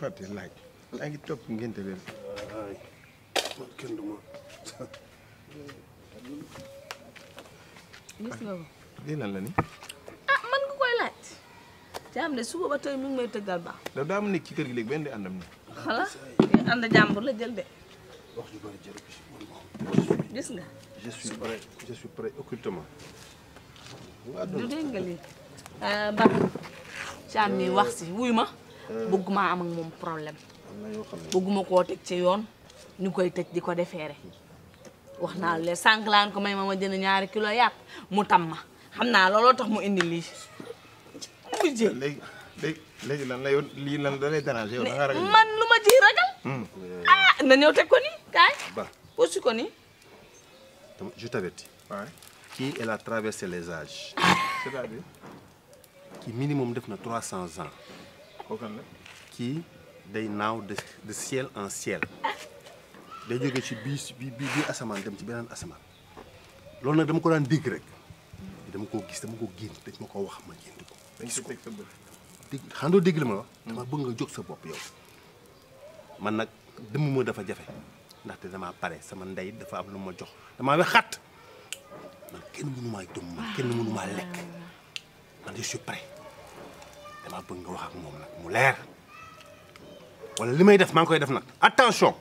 fàtte laaj maa ngi topp ngénte leen kenn du lii lan la ni ah man nga koy laaj jaam de suba ba tey mi may tëggal baax daf daa am nekk ci kër gi léegi benn di àndam ni xala ànd jàmbur la jël de wax nga du dégg nga lii euh, baax caam mi wax si wuy ma bëgguma am moom problème bëgguma koo teg ci yoon ñu koy tëj di ko defeere wax naa leen sànq laan ko may ma ma jënd ñaari kilo yàpp mu tam ma xam naa looloo tax mu indi lii mu lan la lii lan da lay da man lu ma ragal hmm. ah na ñoo teg ko nii kaay aussi ko nii kii elle la traversé les âges ah. cest à minimum def na trois cents ans kii day naaw de de ciel en ciel day jógee ci bii bi bii asamaan dem ci beneen asamaan loolu nag dama ko daan dégg rek dama koo gis dama ko gént dañ ma koo wax ma gént ko gis ko dégg xam doo dégg li ma wax hmm. dama bëgg nga jóg sa bopp yow man nag dëmm ma dafa jafe ndaxte dama pare sama ndey dafa am lu ma jox damaa we xat man kenn mënumaa dum man kenn mënumaa lekk ah. man je suis dama bëgg nga wax ak moom mu leer wala li may def maa ngi koy def nag attention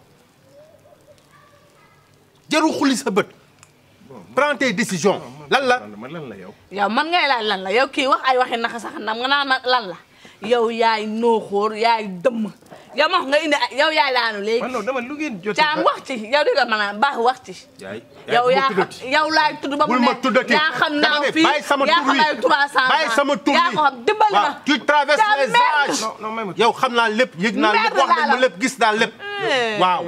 jarul xulli sa bët. prends tes décisions lan la man lan la yow. yow man ngay laaj lan la yow kii wax ay waxi naxa sax nam nga naan lan la yow yaay nooxóor yaay dëmm. yow ma nga indi yow yaay laanu léegi. man dama lu ngeen jot caam wax ci yow di a baax wax ci. yow yaa yow laay ne yaa xam naaw fii yaa xam ay 300 bàyyi sama tur yaa ko xam dimbali ma. tu traverses les âges. yow xam naa lépp yëg naa lépp wax nañu gis naa lépp. waaw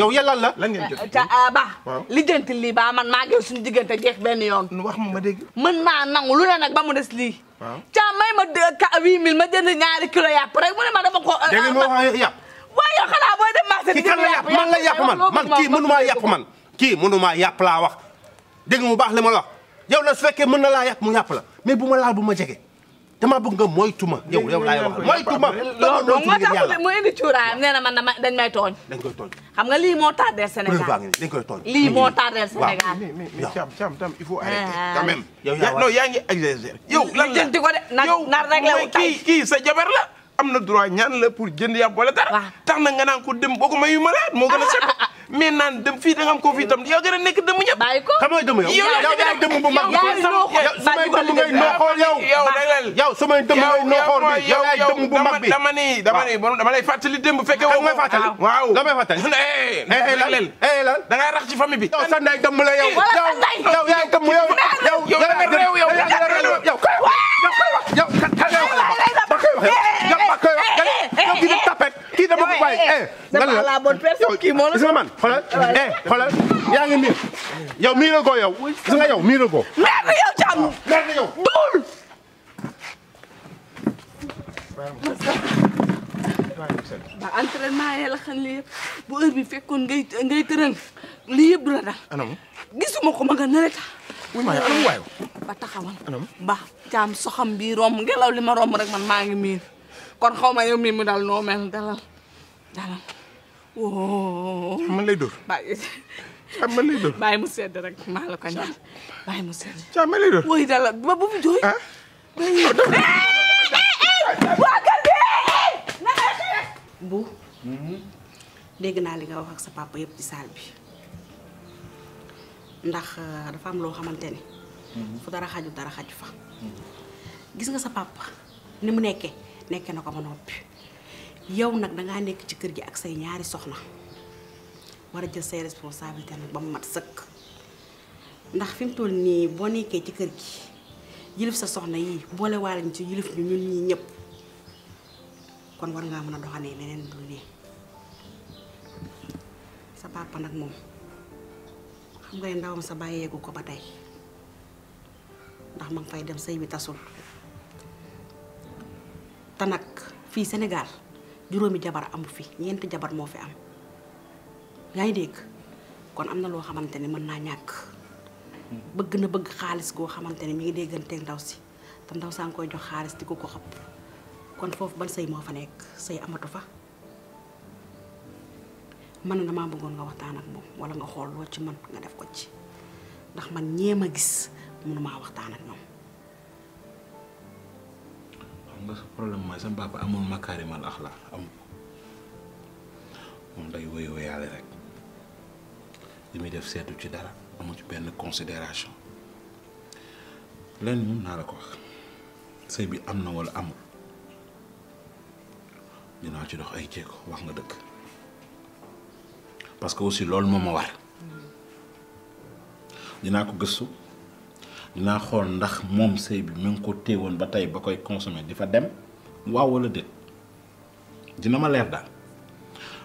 yow yellal la lan ngeen jot ah, ba lijjanti lii ba man maa ngi suñu diggante jeex benn yoon wax ma ma dégg mën naa nangu lu ne nag ba mu des lii ca may ma huit mille ma jënd ñaari kilo yàpp rek mu ne ma dama ko euh, dégg nga wax yàpp waaye yow xanaa booy dem marché di jënd yàpp man la yàpp man man kii mënumaa yàpp man kii mënumaa yàpp laa wax dégg mu baax li ma la wax yow la su fekkee mën na laa yàpp mu yàpp la mais bu ma laal bu ma jege dama bëgg nga moytu tuma yow yow laay wax moytu ma. loolu moo tax mu indi cuuraayam nee na man dama dañ may tooñ. koy tooñ xam nga lii moo tardé Sénégal dañ koy tooñ. lii moo tardé Sénégal. mais mais Thiam Thiam tam il faut ah. arrêter quand même. yaa non yaa ngi exagéré. yow lan la jënti ko kii kii sa jabar la. am na droit ñaan la pour jënd yàpp wala dara. tax na nga naan ko dem boo ko mayu malade moo gën a set. naan dem fii da nga am koo fii itam yow gën a nekk dëmm ñëpp. bàyyi ko xam nga dëmm yow. yow yaa dëmm bu mag bi yow yow bi yow yaay dëmm bu da ngay rax ci famille bi yow sa ndey la yow yow yaay dëmm yow yow yow yow yow yow yow ma koy wax yow kii de tapet kii moo la man xoolal yaa ngi miir yow miir ko yow gis nga yow miir ko mer na yow cam ah, mer ba entraînement yi la xam li bu heure bi fekkoon ngay ngay tëral lii du la gisuma ko ma nga ne tax wuy maa ba taxawal anam ba caam soxam bi romb ngelaw li ma romb rek man maa ngi miir kon xaw ma yow mii mu dal noo mel dalal dalal wóo. Oh. man lay dóor. dalal ba bu mu jooy. ah. Oh, eh, eh, eh, waa kër bu. Mm-hmm. dégg naa li nga wax ak sa papa yëpp ci saal bi ndax euh, dafa am loo xamante ni. Mm-hmm. fu dara xaju dara xaju fa. Mm-hmm. gis nga sa papa ni mu nekkee. nekke na ko ba noppi yow nag dangaa nekk ci kër gi ak say ñaari soxna war a jël say responsabilité nag ba mu mat sëkk ndax fi toll nii boo nekkee ci kër gi yilif sa soxna yi boole waale ñu ci yilif ñu ñun ñi ñëpp kon war ngaa mën a doxalee neneen dul sa papa nag moom xam nga ne ndawam sa bàyyeeku ko ba tey ndax ma ngi fay dem sëy bi tasul te nag fii Sénégal juróomi jabar amu fi ñeenti jabar moo fi am yaa ngi dégg kon am na loo xamante ne mën naa ñàkk bëgg na bëgg xaalis goo xamante ni mi ngi dégganteeg ndaw si te ndaw saa ngi koy jox xaalis di ko ko xëpp kon foofu ba sëy moo fa nekk sëy amatu fa man maa bëggoon nga waxtaan ak moom wala nga xool loo ci man nga def ko ci ndax man ñeem a gis mënumaa waxtaan ak ñoom xam nga sa problème mooy mbaa papa amul makaarimal axlaa am moom day woy rek li muy def seetu ci dara amul ci benn considération lenn moom naa la ko wax sëy bi am na wala amul dinaa ci dox ay jéego wax nga dëkk parce que aussi loolu moo ma war mm. dinaa ko gëstu dinaa xool ndax moom sëy bi mu ngi ko woon ba tey ba koy consommer di fa dem waaw wala déet dina ma leer daal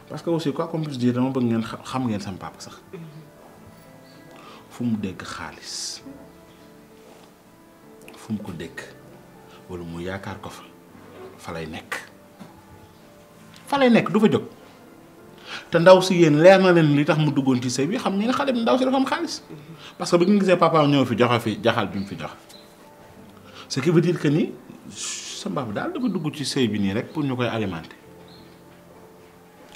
parce que aussi quoi qu'on puisse dire dama bëgg ngeen xam ngeen sama papa sax fu mu dégg xaalis fu mu ko dégg walla mu yaakaar ko fa fa lay nekk fa lay nekk du fa jóg. te ndaw si yéen leer na leen li tax mu duggoon ci sëy bi xam ngeen ne xale bi ndaw si dafa am xaalis parce que bi nga gisee papa ñëw fi jox fi jaxal bi mu fi jox ce qui veut dire que ni sa mbaam daal dafa dugg ci sëy bi nii rek pour ñu koy alimenter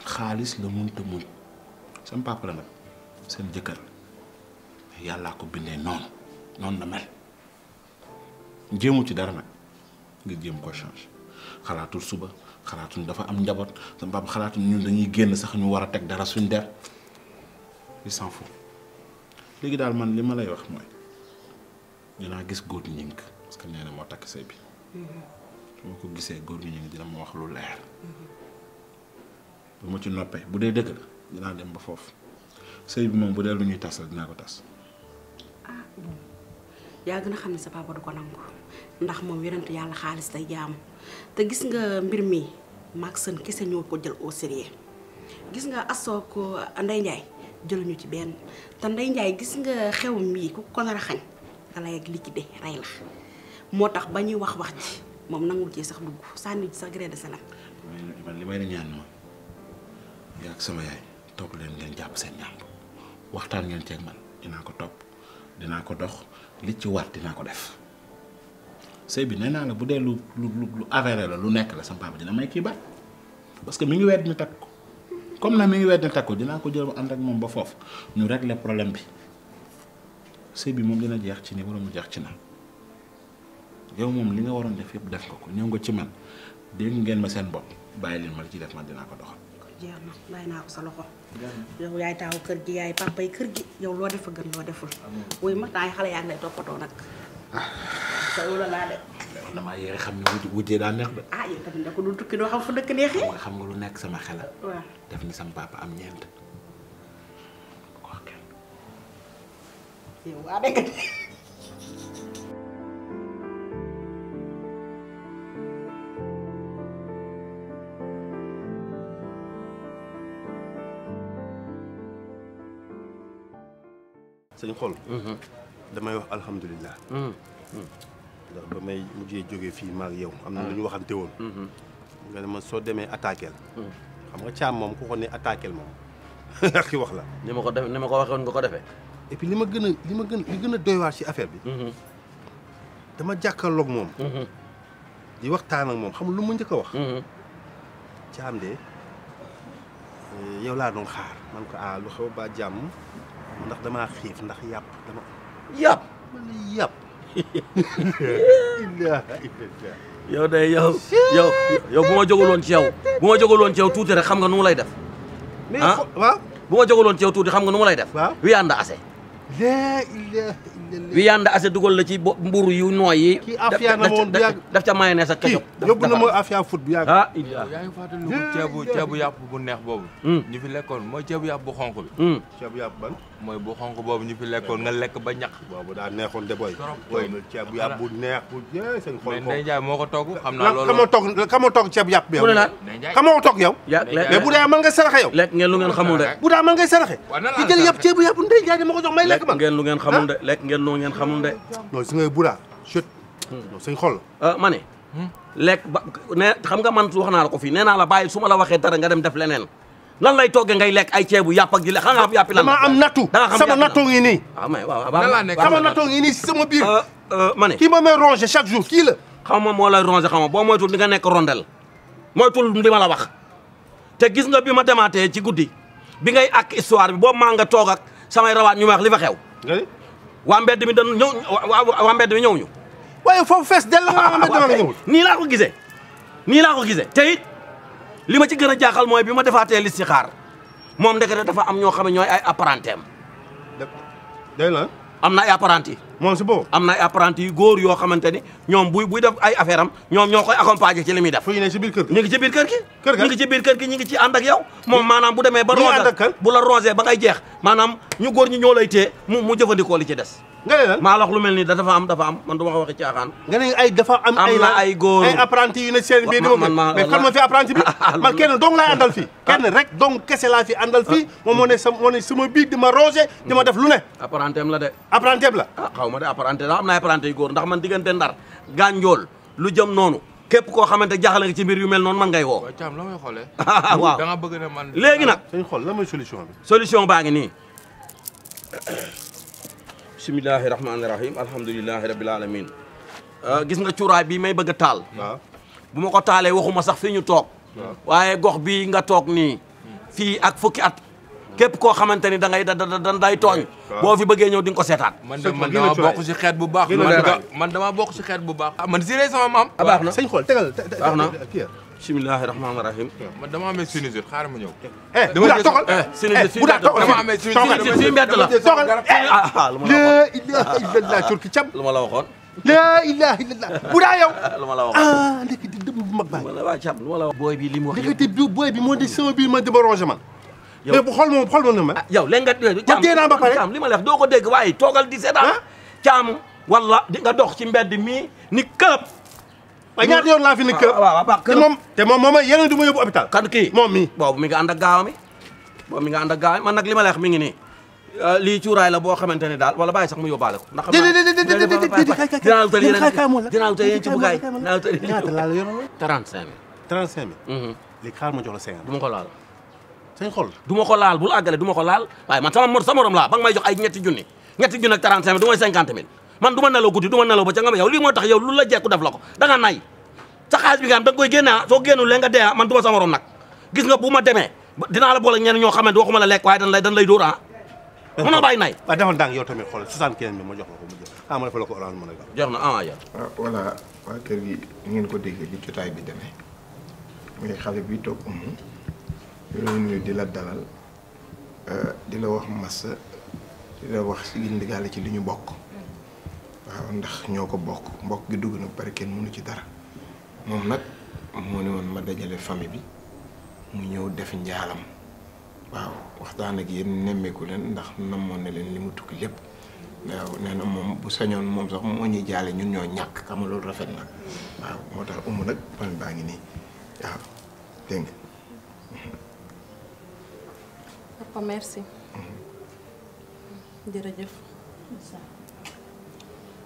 xaalis la mënta muñ sama papa la seen jëkkër yàllaa ko bindee noonu noonu la mel jéemu ci dara nag ngir jéem ko change xalaatul suba xalaatuñ dafa am njaboot sama papa xalaatuñ ñun dañuy génn sax ñu war a teg dara suñ der il s'en fout léegi daal man li ma lay wax mooy dinaa gis góor ñing parce que moo takk sëy bi su ko gisee góor ñing dina ma wax lu leer bu ma ci noppee bu dee dëgg la dinaa dem ba foofu sëy bi moom bu dee lu ñuy tas la dinaa ko tas ah, yaa gën a xam ne sa papa du ko nangu ndax moom yonentu yàlla xaalis day jaam te gis nga mbir mi maag sën kese ñoo ko jël au gis nga asoo ko Ndey Njaay jëluñu ci benn te Ndey Njaay gis nga xew mii ku ko nar a xañ dalay ak liquide rey la moo tax ba ñuy wax wax ji moom nangu ci sax dugg sànni ci sax de salam man li may na ñaan ma yaa ak sama yaay toog leen ngeen jàpp seen ñàmb waxtaan ngeen ceeg man dinaa ko topp dinaa ko dox li ci war dinaa ko def sëy bi nee naa la bu dee lu lu lu avéré la lu nekk la sama papa dina may kii baat parce que mi ngi wedd ni takk ko comme na mi ngi wedd ni takk ko dinaa ko jël mu ànd ak moom ba foofu ñu régler problème bi sëy bi moom dina jeex ci ni wala mu jeex ci na yow moom li nga waroon def yëpp def ko ñëw nga ci man dégg ngeen ma seen bopp bàyyi leen ma li ci def man dinaa ko dox jeex na bàyyi naa ko sa loxo. yow yaay taawu kër gi yaay gi yow loo def a gën loo deful. wuy ma temps yi xale yaa ngi toppatoo nag. te ah. loolu laa de. damaa yéex xam ne wuti wutee daa neex de. ah yow tamit da ko dul tukki doo xam fu dëkk neexee. xam nga lu nekk sama xela waaw def ni sama papa am ñeent. ok. waa dëgg. sëñ xool mhm. damay wax alhamdulilah mhm. ndax ba may mujjee jógee fii maag yow am na lu ñu mhm. waxante woon nga ne ma soo demee attaquel xam nga caam moom ku ko ne attaquel moom ki wax la ma ko def ni ma ko waxee nga ko defee et li ma gën a li ma gën gën a doy waar ci affaire bi dama jàkkaarloog moom di waxtaan ak moom xam lu ma njëkk a wax caam de eh, yow laa doon xaar man ko ah lu xew ba jàmm ndax damaa xiif ndax yàpp dama. yàpp wala yàpp. yow de yow yow yow bu ma jógaloon ci yow bu ma jógaloon ci yow tuuti rek xam nga nu lay def. ah waaw bu ma jógaloon ci yow tuuti xam nga nu lay def. waaw wiy ànd ase. wiyaande ase dugal la ci mburu yu nooy yi. kii Afia na woon bu yàgg daf ca mayonnaise ak ketchup. kii yóbbu na ma Afia foot bu yàgg. ah yaa ngi fàttali ko ceebu ceebu yàpp bu neex boobu. Hmm. ñu fi mooy ceebu yàpp bu neex bu jeex moo ko togg xam naa loolu. kamoo togg ceebu yàpp bi yow. mu bu dee man saraxe yow. lekk ngeen lu ngeen xamul de. bu dee man saraxe. ki jël yàpp ceebu yàpp Ndeye Ndiaye dama ko jox may lekk man. lekk ngeen lu ngeen xamul de ah? lekk ngeen bennoo ngeen xamul de. non si nga Bouda chut. Hmm. non sëñ xol. Euh, ma ne. Hmm? lekk ba ne xam nga man wax naa la ko fii nee naa la bàyyi su ma la waxee dara nga dem def leneen lan lay toggee ngay lekk ay ceebu yàpp ak di lekk xam nga yàppi lan. dama am nattu sama nattoo nii. waaw ah, mais waaw sama nattoo ngi nii si sama biir. Euh, euh, ma ne kii ma may rongé chaque jour kii la. xam ma moo lay rongé xaw ma boo moytul di nga nekk rondel moytul li ma la wax te gis nga bi ma demaatee ci guddi bi ngay ak histoire bi boo toog ak samay rawaat ñu ma xew waa mbedd mi dañu ñëw waa mbedd mi ñëw ñu. waaye foofu fees dell nga waa ah, mbedd mi ñëw nii laa ko gisee nii laa ko li ma ci gën a jaaxal mooy bi ma defaatee listixaar moom ndekete dafa am ñoo xam ne ñooy ay apprenti am. dëgg la am na ay apprenti moom boobu am na ay apprenti yu góor yoo xamante ni ñoom buy buy def ay affaire am ñoom ñoo koy accompagner ci li muy def fu ne si biir ngi ci biir kër gi kër gi ñu ngi ci biir kër gi ñu ngi ci ànd ak yow moom maanaam bu demee ba rosé bu la rosé ba ngay jeex maanaam ñu góor ñi ñoo lay téye mu mu jëfandikoo li ci des nga ne lan maa la lu mel nii dafa am dafa am man du ma ko waxee caaxaan. dafa am ay la ay góor ay apprenti yu ne seen biir di ma mais ma fi apprenti bi ah, man kenn dong laay àndal fii ah. kenn rek dong kese laa fi àndal fii ah. moom moo ne sa moo ne sama biir di ma roose di ma def lu ne apprentém la de apprentém la xaw ma de apprenti am na apprenti yu goor ndax man diggante ndar gànjool lu jëm noonu képp koo xamante jaxale nga ci mbir yu mel noonu man ngay woo waaw Thiam la man léegi nag suñ xool la mooy solution bi solution baa ngi nii bisimilahi rahmaani rahim alhamdulilahi rabil alamin gis nga cuuraay bi may bëgg a taal. bu ma ko taalee waxuma sax fii ñu toog. waaye gox bii nga toog nii. fii ak fukki at. képp koo xamante ni da ngay da da day tooñ. boo fi bëggee ñëw di nga ko seetaat. man de man damaa bokk si xeet bu baax. man dama bokk si xeet bu baax. man si sama maam. baax na sëñ baax na bismillahi rahmaani rahiim. man dama amee sinusite xaaral ma ñëw. Eh, eh, eh, dama jël toxal sinusite dama amee sinusite si ah, ah, mbedd la toxal la ilaha illallah turki cam lu ma la waxoon. la ilaha illallah bu daa yow. lu ma la waxoon ah ndekk di dëbb bu mag baay. bi li mu wax booy bi moo di sama ma dama rongé man. yow bu xool mo xool na ma. Ah, yow léegi nga cam dee naa ba pare cam li ma la doo ko dégg waaye toogal di seetaan. cam walla di nga dox ci mbedd mi ni këpp waaye ñaata yoon laa fi ne kër waaw waaw kër moom te moom moom yeneen du ma yóbbu hôpital kan kii moom mi boobu mi nga ànd ak gaaw mi boobu mi nga ànd ak gaaw mi man nag li ma la wax mi ngi nii lii cuuraay la boo xamante ne daal wala bàyyi sax mu yóbbaale ko ndax dinaa wutal yeneen dinaa wutal yeneen ci bugaay dinaa wutal yeneen ñaata laa la yoroon 35 mille 35 mille léegi xaar ma jox la 50 du ma ko laal sañ xol du ma ko laal bul àggale du ma ko laal waaye man sama mor sama morom laa ba nga may jox ay ñetti junni ñetti junni ak 35 mille du may 50 mille man duma ma nelaw guddi du ma nelaw ba ca nga ma yow lii moo tax yow lu la jekku def la ko da nga nay sa xaalis bi nga am da koy génne soo génnul lee nga man du ma sa morom nag gis nga bu ma demee dinaa la boole ñenn ñoo xam ne la lekk waaye dan lay dan lay dóor ah mënoo bàyyi nay waaw defal ndànk yow tamit xool soixante-quinze bi la ko jox ah ma ko orange mën jox na ah yow ah, voilà waa gi ngeen ko déggee bi demee bi toog umu yooyu nuyu euh, di la wax massa di wax si ci li ñu bokk waaw ndax ñoo ko bokk mbokk gi dugg na pare kenn mënu ci dara moom nag moo ne woon ma dajale famille bi mu ñëw def njaalam waaw waxtaan ak yéen nemmeeku leen ndax namoon na leen li mu tukki lépp waaw nee moom bu sañoon moom sax moo ñuy jaale ñun ñoo ñàkk xam loolu rafet na waaw moo tax umu nag fan baa ngi nii waaw dégg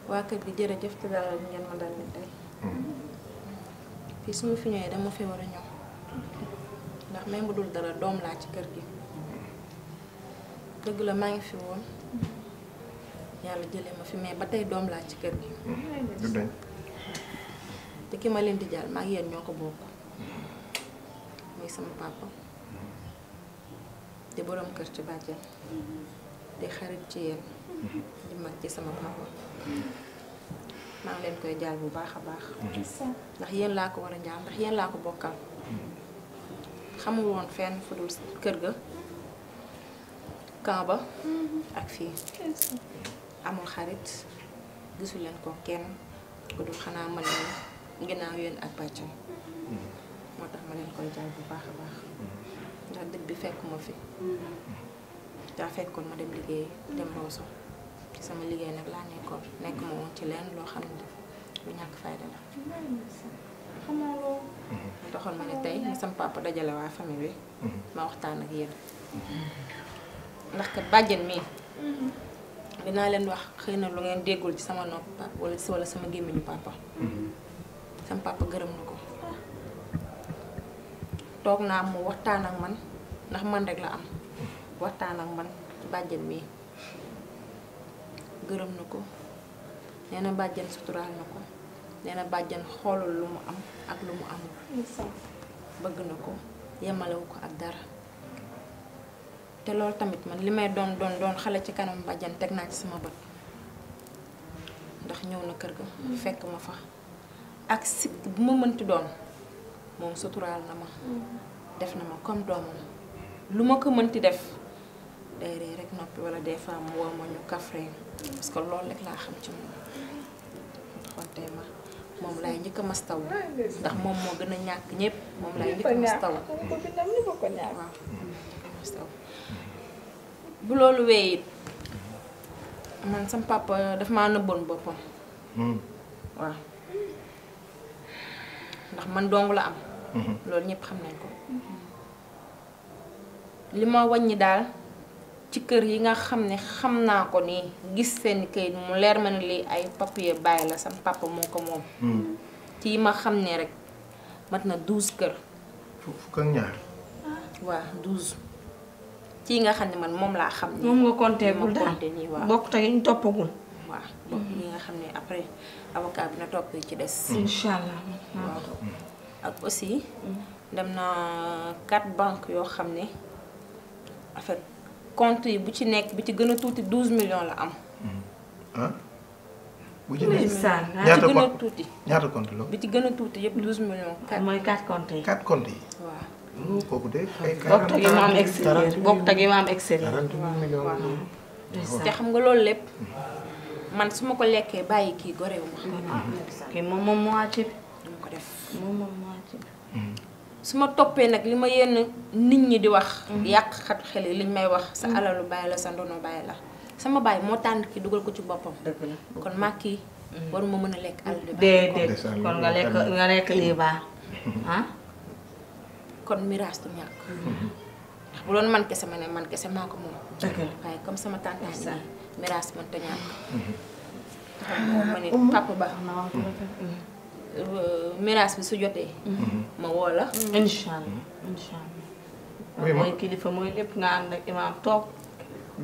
waa kër gi jërëjëf ci dalal bi ngeen ma dal ni tey hmm. fii su ma fi ñëwee dama fi war a ñëw ndax même bu dul dara doom laa ci kër gi dëgg la maa ngi fi woon yàlla jëlee ma fi mais ba tey doom laa ci kër gi te ki ma leen di jaal maa ngi yéen ñoo ko bokk hmm. muy sama papa di borom kër ci bàjjen di xarit ci yéen mm-hmm. di mag ci sama papa maa ngi leen koy jaal bu baax a baax mm-hmm. ndax yéen laa ko war a jaal ndax yéen laa ko bokkal mm-hmm. xamul woon fenn fu dul kër ga camp ba ak fii amul xarit gisu leen ko kenn ku dul xanaa ma leen ginnaaw yéen ak bàccam moo tax ma leen koy jaal bu baax a baax ndax dëgg bi fekkuma fi daa fekkoon ma dem liggéey dem Rosso ci sama liggéey nag laa nekkoon nekk moom ci leen loo xam ne lu ñàkk fayda la xamoo loolu doxal ma ne tey sama papa dajale waa famille bi mhm. ma waxtaan ak yéen mhm. ndax kat bàjjen mii mhm. dinaa leen wax xëy na lu ngeen déggul ci sama nopp papa wala sama gémmiñu papa sama papa gërëm na ko toog naa mu waxtaan ak man ndax man rek la am waxtaan ak man bàjjan bàjjen gërëm na ko nee bàjjan bàjjen suturaal na ko nee bàjjan xoolul lu mu am ak lu mu amul bëgg na ko yemalewu ko ak dara te loolu tamit man li may doon doon doon xale ci kanam bàjjan teg naa ci sama bët ndax ñëw na kër gi mm. fekk ma fa ak sikk bu ma mënti doon moom suturaal na ma mm. def na ma comme doomam lu ma ko mënti def day rek noppi wala des fois mu woo ma ñu kafree parce loolu rek laa xam ci moom konte ma moom laay njëkk a ndax moom moo gën ñàkk ñëpp moom laay njëkk a mastaw waaw mastaw bu loolu wéy man sam papa daf maa nëbboon boppam hmm. waaw ndax man dong la am hmm. loolu ñëpp xam nañ ko li ma wàññi daal ci kër yi nga xam ne xam naa ko ni gis seen kayit mu leer ma ne lii ay papier bàyyi la sam papa moo ko moom. Hmm. ci yi ma xam ne rek mat na douze kër. fukk ak ñaar. Ah. waaw douze. ci nga xam ne man moom laa xam. moom nga compté gul daal waaw bokkut ak ñu toppagul. waaw bokk yi nga xam ne après avocat bi na topp ci des. Hmm. incha allah waaw hmm. ak aussi dem naa quatre banques yoo xam ne en compte yi bu ci nekk bi ci gën a tuuti 12 million la am. ah bu ci nekk ñaata gën a tuuti ñaata compte la bi ci gën a tuuti yëpp 12 millions. mooy 4 comptes yi 4 comptes yi. waaw kooku de ay. 40 millions am extérieur bokk tag yi ma am extérieur. te xam nga loolu lépp man su ma ko lekkee bàyyi kii goreewu ma. kii moom moo àcc. su ma toppee nag li ma yenn nit ñi di wax mhm. yàq xatu xel yi liñ may wax sa mhm. alalu bàyyi la sa ndono bàyyi la sama bàyyi moo tànn ki dugal ko ci boppam kon maa kii mhm. ma mën a lekk alalu déedéet kon nga lekk nga lekk baax ah? kon miraas du ñàkk bu doon man kese ma ne man kese maa ko moom waaye comme sama tàntaan yi miraas mënta ñàkk taxam moom ma ne papa ba Euh, miraas bi su jotee. Mm-hmm. ma woo la. Mm-hmm. incha allah mm-hmm. incha allah. oui mooy lépp nga ànd ak imaam toog.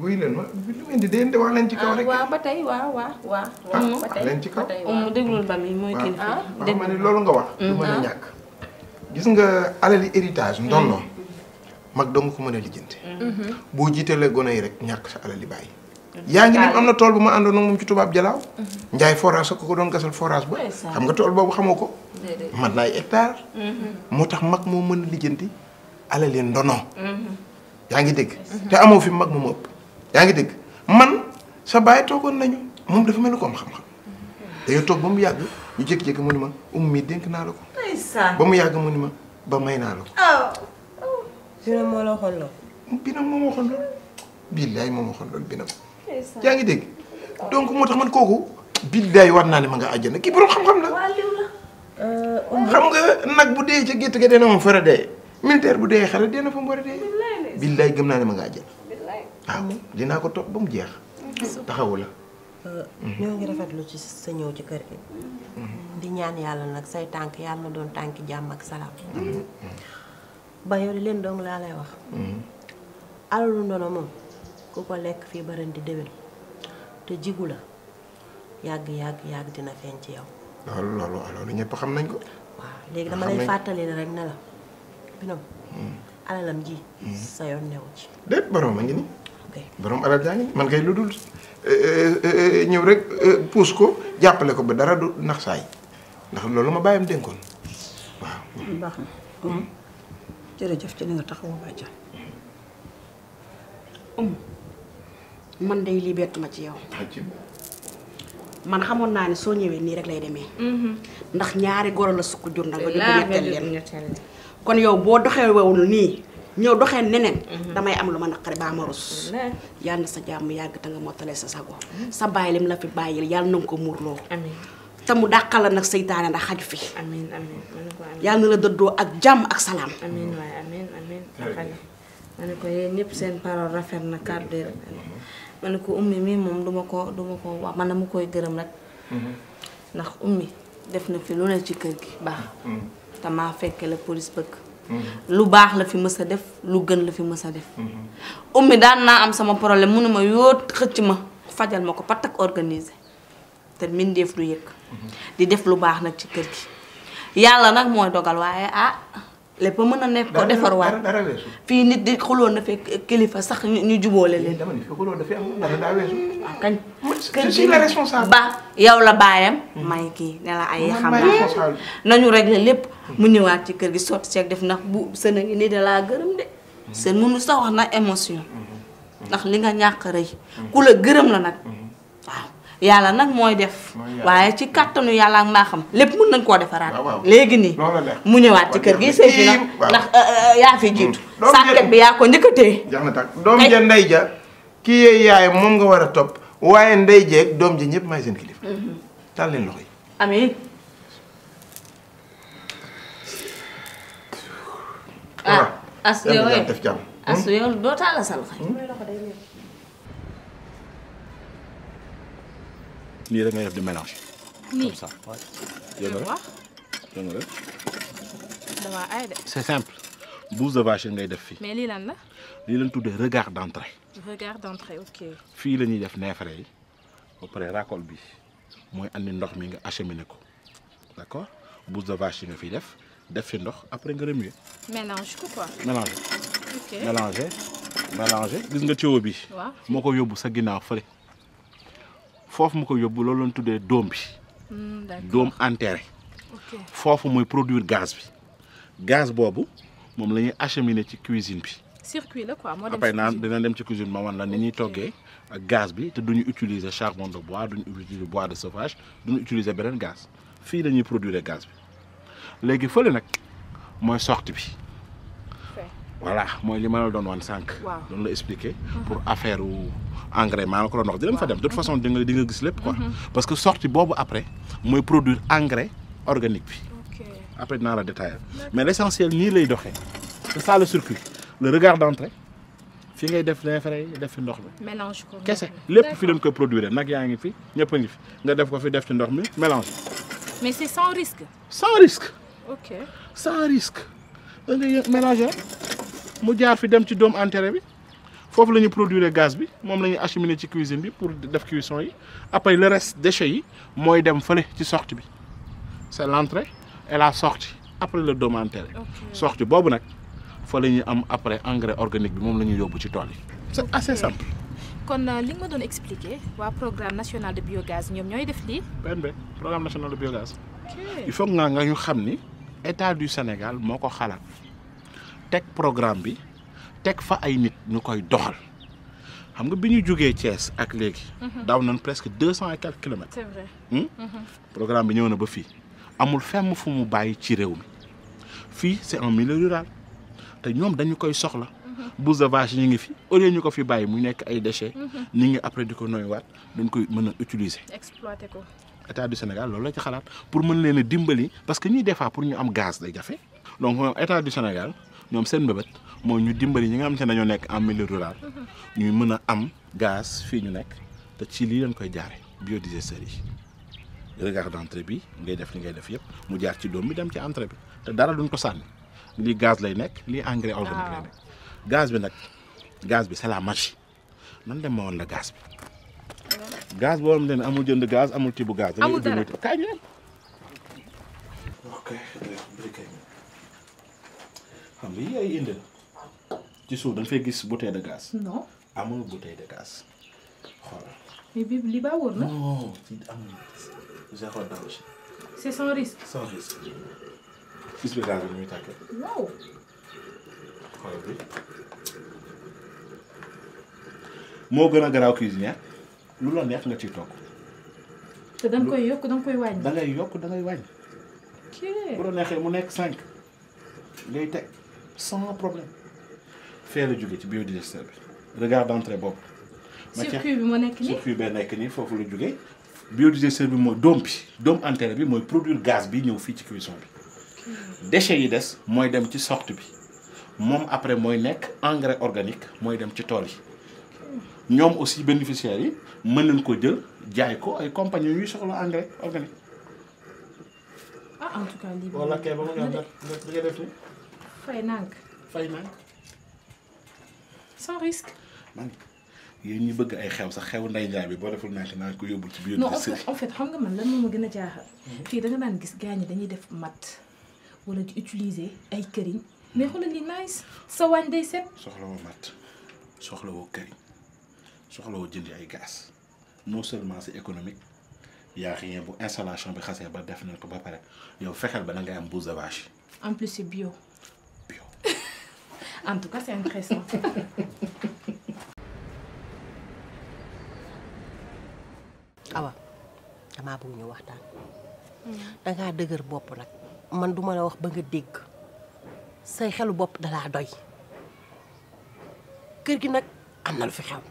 wuy leen ma lu ngeen di dégg wax leen ci kaw rek. Ah, waaw ba tey waaw waaw waaw. ah wax leen ci kaw mu déglul ba mi ah, ma ne loolu nga wax. du mën a ah. ñàkk. gis nga alali héritage ndono. mag dong ko mën a lijjanti. boo jiitalee gone yi rek ñàkk sa alali bàyyi. yaa ngi lim am na tool bu ma àndoon ak moom ci tubaab jalaaw mhm. njaay forage ko ko doon gasal forage ba xam nga tool boobu xamoo ko man naay hectare mhm. moo tax mag moo mën a lijjanti alali ndono mhm. ngi dégg te fi mag moom ëpp yaa ngi dégg man sa baay toogoon nañu moom dafa mel ko am xam-xam dañoo toog ba mu yàgg ñu jékki-jékki mu ni ma um mi dénk naa la ko ba mu yàgg mu ni ma ba may naa la ko oh. binam moom waxoon loolu billaay moom waxoon loolu binam yaa ngi dégg donc moo tax man kooku billaay war naa ne ma nga àjjana kii borom xam-xam la. Euh, xam nga nag bu dee ca gétt ga dee na moom fara dee militaire bu dee xare dee na fa mu war a dee. billaay gëm naa ne ma nga àjjana. waaw dinaa ko topp ba mu jeex. taxawu la. Euh, ñoo ngi rafetlu ci sa ñëw ci kër gi. Mhm. di ñaan yàlla nag say tànk yàlla na doon tànk jàmm ak salaam. Mhm. ba yow di leen dong laa lay wax. Mhm. alalu ndono moom. ku ko lekk fii ba di déwén te jigu la yàgg yàgg yàgg dina feeñ ci yow. loolu loolu loolu ñëpp xam nañ ko. waaw léegi dama lay fàttali rek ne la binom hmm. alalam ji. Hmm. sa yoon newu ci. déet borom a ngi nii. borom alal jaa man kay lu dul eh, eh, eh, ñëw rek puus ko jàppale ko ba dara du nax saay ndax loolu ma bàyyam dénkoon waaw. baax na. Hmm. jërëjëf ci li nga taxawoo bàjjan. Umm. man day lii bettu ci yow. man xamoon naa ne soo ñëwee nii rek lay demee. Mm-hmm. ndax ñaari goro la sukk jur nag. laa leen kon yow boo doxee wewul nii ñëw doxee neneen. Mm-hmm. damay am lu ma naqari baa ma rus. yàlla na sa jàmm yàgg te nga mottalee sa sago. Mm-hmm. sa bàyyi lim la fi bàyyil yàlla na nga ko muurloo. te mu dàqal nag seytaane ndax xaju fi. amiin amiin yàlla na la dëddoo ak jàmm ak salaam. ma ne ko yéen ñëpp seen parole rafet na kàddu ma ne ko ummi mii moom duma ko duma ko wax man dama koy gërëm rek mhm. ndax ummi def na fi lu ne ci kër gi baax mhm. maa fekke la police bëgg mhm. lu baax la fi mës a def lu gën la fi mës a def ummi daan naa am sama problème mu ne ma yóot xëcc ma fajal ma ko patak organisé te mbindeef du yëg di def lu baax nag ci kër gi yàlla nag mooy dogal waaye ah lépp mën a nekk ko defarwaat dara fii nit di xuloon na fekk kilifa sax ñu juboole leen. dama ni fi xuloon na fi ah, kañ je suis responsable. ba yow la baayam. Hmm. may kii ne la ay xam nañu régler lépp. Hmm. mu ñëwaat ci kër gi sotti ceeg def ndax bu sën a nii da laa gërëm de. Hmm. seen mënu sax wax na émotion. ndax li nga ñàkk rëy. ku la gërëm la nag waaw. yàlla nag mooy def waaye ci kàttanu yàlla ak mbaaxam lépp mën nañ koo defaraat léegi nii mu ñëwaat ci kër gi sëy euh, euh, fi nag mm. ndax yaa ko njëkkatee doom ja ndey ja kii yaay moom nga war a topp waaye ndey jeeg doom ji ñëpp may seen kilifa mm-hmm. taal loxo yi amiin ah as eh. hmm? doo taal sa loxo yi hmm? nii rek ngay def di mélange. comme ça waaw. yéen a de. c'est simple. ngay def fii. mais lii lan la. lii lañ tuddee regard d'entrée. regard d'entrée fii lañuy def neefere yi ba pare récolte bi mooy andi ndox mi nga acheminé ko d'accord bouse de vache yi nga fiy def def fi ndox après nga yi mélange ko quoi. mélange ok mélanger gis nga tuyau bi. waaw moo ko yóbbu sa ginnaaw fële. foofu mu ko yóbbu loolu lañ tuddee doom bi. Hmm, doom enterré. foofu mooy produire gaz bi gaz boobu moom la ñuy acheminer ci cuisine bi. circuit la quoi moo dem après naa dina dem ci cuisine ma wan na ni ñuy toggee ak gaz bi te du ñu utiliser charbon de bois duñu utiliser bois de chauffage duñu utiliser beneen gaz fii la ñuy produire gaz bi léegi fële nag mooy sortie bi. voilà mooy li ma la doon wan sànq. waaw doon la expliquer. Mhm. pour affaire engrais maa la ko doon wax. dinañ fa dem de toute mhm. façon di nga di nga gis lépp quoi. Mhm. parce que sortie boobu après mooy produire engrais organique bi. après dinaa la détailler mais l' essentiel nii lay doxee c' est ça le circuit regard d' fi ngay def les frais def fi ndox mi. mélange kese lépp fi leen ko produire nag yaa ngi fi ñëpp a ngi fi nga def ko fi def ci ndox mi mélange. mais c' est sans risque. mélanger. mu jaar fi dem ci doomu enterré bi foofu la ñu produire gaz bi moom la ñuy acheminer ci cuisine bi pour def cuisson yi après le reste déchets yi mooy dem fële ci sortie bi c'est lentre et la sortie après le doomu enterré sortie boobu nag fa la ñuy am après engrais organique bi moom la ñuy yóbbu ci tool yi c'est assez simple kon euh, li nga ma doon expliquer waa programme national de biogaz ñoom ñooy def lii. PNB programme national de biogaz. il faut nga nga ñu xam ni état du Sénégal moo ko xalaat. teg programme bi teg fa ay nit ñu koy doxal xam nga bi ñu jógee Thiès ak léegi. Mhm. daaw nañ presque deux cent et quelques hmm? mhm. programme bi ñëw na ba fii amul fenn fu mu bàyyi ci réew mi fii c'est un mille rural te ñoom dañu koy soxla. Mhm. bouse de vache ñu ngi fi au ñu ko fi bàyyi mu nekk ay déchets. ni ngi après du ko waat dañ koy mën a utiliser. exploiter ko. état du Sénégal loolu la ci xalaat pour mën leen a dimbali parce que ñuy des fois pour ñu am gaz day jafe donc état du Sénégal. ñoom seen mbëbët mooy ñu dimbali ñi nga xam te ne dañoo nekk en milieu rural ñuy mën a am gaz fii ñu nekk te ci lii lañ koy jaare biodigesteur yi regard entre bi ngay def li ngay def yëpp mu jaar ci doom bi dem ci entre bi te dara duñ ko sànni lii gaz lay nekk lii engrais organique lay gaz bi nag gaz bi c'est la magie nan dem ma woon la gaz bi gaz boo xam ne amul jënd gaz amul tibb gaz. amul dara kaay ñu xam nga yii ay indi ci suuf da nga fay gis bouteille de gaas non amul bouteille de gaas xoolal. mais bi li ba c'est sans risque. gis bi gaz bi muy tàkkee. waaw. moo gën a garaaw cuisinière lu la neex nga ciy togg. te da koy yokk da koy wàññi. da yokk dangay ngay wàññi. ok neexee mu nekk cinq ngay teg. sans problème fee la jóge ci biodigesteur bi regard d'entrée boobu. circuit bi moo nekk nii circuit bee nekk nii foofu la jóge biodigesteur bi mooy doom bi doom antenne bi mooy produir gaz bi ñëw fii ci cuisson bi déchets yi des mooy dem ci sorte bi moom après mooy nekk engrais organique mooy dem ci tool yi ñoom aussi bénéficiaires yi mën nañ ko jël jaay ko ay compagnie yuy soxla engrais organique. Ah, fay nànk fay nànk sans risque man yéen ñi bëgg ay xew sax xew nday njaay bi boo deful nànk naa ko yóbbu ci biir non en fait xam nga man lan moo ma gën a jaaxal mhm. fii da nga daan gis gaañ dañuy def mat wala di utiliser ay këriñ mais xoolal li nice sa waañ day set soxlawoo mat soxlawoo këriñ soxlawoo jëndi ay gaz non seulement c'est économique yaa rien bu installation bi xasee ba def nañ ko ba pare yow fexel ba na ngay am bouse de vache en plus c'est bio Ah, en tout cas, c'est intéressant. damaa bëgg ñu waxtaan. Hmm. dangaa dëgër bopp nag man duma la wax ba nga dégg say xelu bopp dalaa doy kër gi nag am na lu fi xew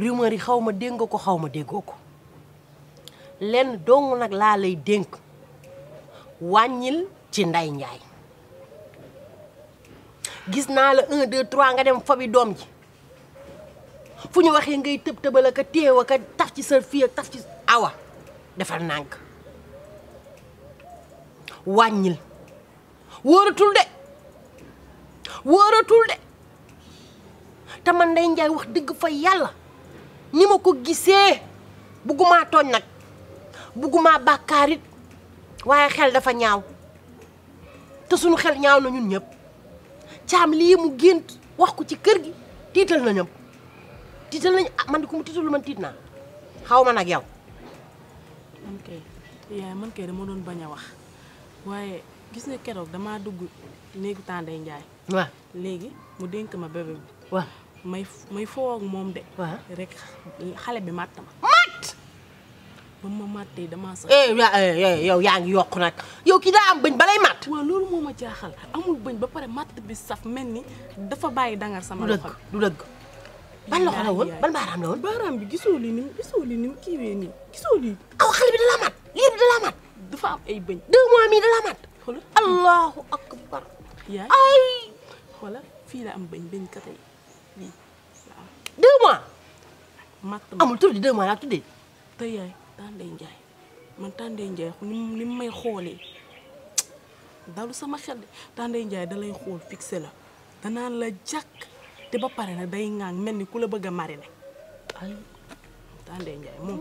rumeur xaw ma dégg nga ko xaw ma déggoo ko lenn dong nag laa lay dénk wàññil ci ndey njaay gis naa la un trois nga dem fobi doom ji fu ñu waxee ngay tëb tëbal ak a teew ak a taf ci sa fii ak taf ci awa defal nànk wàññil wóoratul de wóoratul de te man Ndeye Ndiaye wax dëgg fa yàlla ni ma ko gisee buggumaa tooñ nag buggumaa bàkkaarit waaye xel dafa ñaaw te sunu xel ñaaw na ñun ñëpp caam lii mu gént wax ko ci kër gi tiital nañu tiital nañu ah man di ko mu tiitalu man tiit naa xaw ma nag yow. man kay yaay man kay dama doon bañ a wax waaye gis nga keroog damaa dugg néegu Tànday Njaay. waaw léegi mu dénk ma bébé bi. waaw may may ak moom de. waaw rek xale bi màtt ma. màtt. ba ma màttee damaa sax. Eh, eh, eh, yow yaa ngi yokk nag yow ki daa am bëñ balay màtt. waaw loolu moo ma jaaxal amul bëñ ba pare màtt bi saf mel ni dafa bàyyi dangar sama loxo du dëgg ban loxo la woon ban baaraam la woon. baaraam bi gisoo lii nii gisoo lii nii kiiwee nii gisoo bi dalaa màtt lii bi dalaa màtt. dafa am ay bëñ. deux mois mii dalaa màtt. xoolal allahu akbar. ay. xoolal fii am bañ bëñ kat yi lii. deux mois. amul tur di deux mois laa tuddee. Tande Ndiaye man Tande Ndiaye ni mu may xoolee dalu sama xel Tande Ndiaye da lay xool fixé la danaan la jàkk te ba pare nag day ŋaaŋ mel ni ku la bëgg a mari ne Ande Ndiaye moom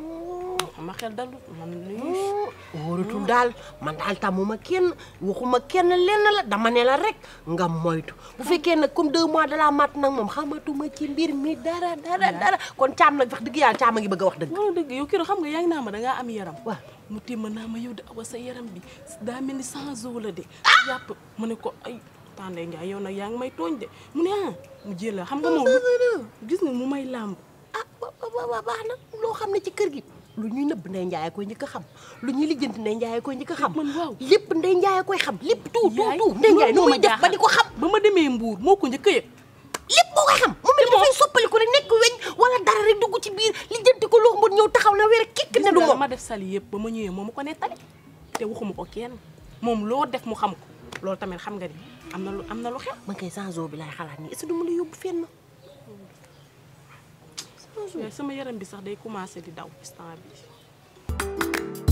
oh. ma xel dalu man oh. wóorutul daal man daal tamuma kenn waxuma kenn lenn la dama ne la rek nga moytu bu fekkee nag comme deux mois de mat nag moom xam xamatuma ci mbir mi dara dara kon caam nag wax dëgg yàlla caam a ngi bëgg a wax dëgg waaw dëgg yow kii xam nga yaa ngi naa ma dangaa am yaram waaw mu téema naa ma yow de awa sa yaram bi daa mel ni sans eau la de ah! yàpp mu ne ko ay Tande Ndiaye yow nag yaa ngi may tooñ de mu ne ah mu jël la xam nga moom gis nga mu may làmb ah waaw baax na loo xam ne ci kër gi lu ñuy nëbb nday njaay koy njëkk xam lu ñuy lijjanti nday njaay koy njëkk a xam waaw lépp nday njaay koy xam lépp tout tout tout nday njaay ko ba ma demee mbuur moo ko njëkk a yëg lépp boo koy xam mu mel ni dafay ci biir lijjanti ko loo mën ñëw taxaw na weer kikk ne du moom ma def sali yëpp ba ma ñëwee moo ma ko nettali te waxuma ko kenn moom loo def mu xam ko loolu tamit xam nga ni am na lu am na lu xew man kay sanso bi laay xalaat nii est ma la yóbbu fenn toujours sama yaram bi sax day commencer di daw instant bi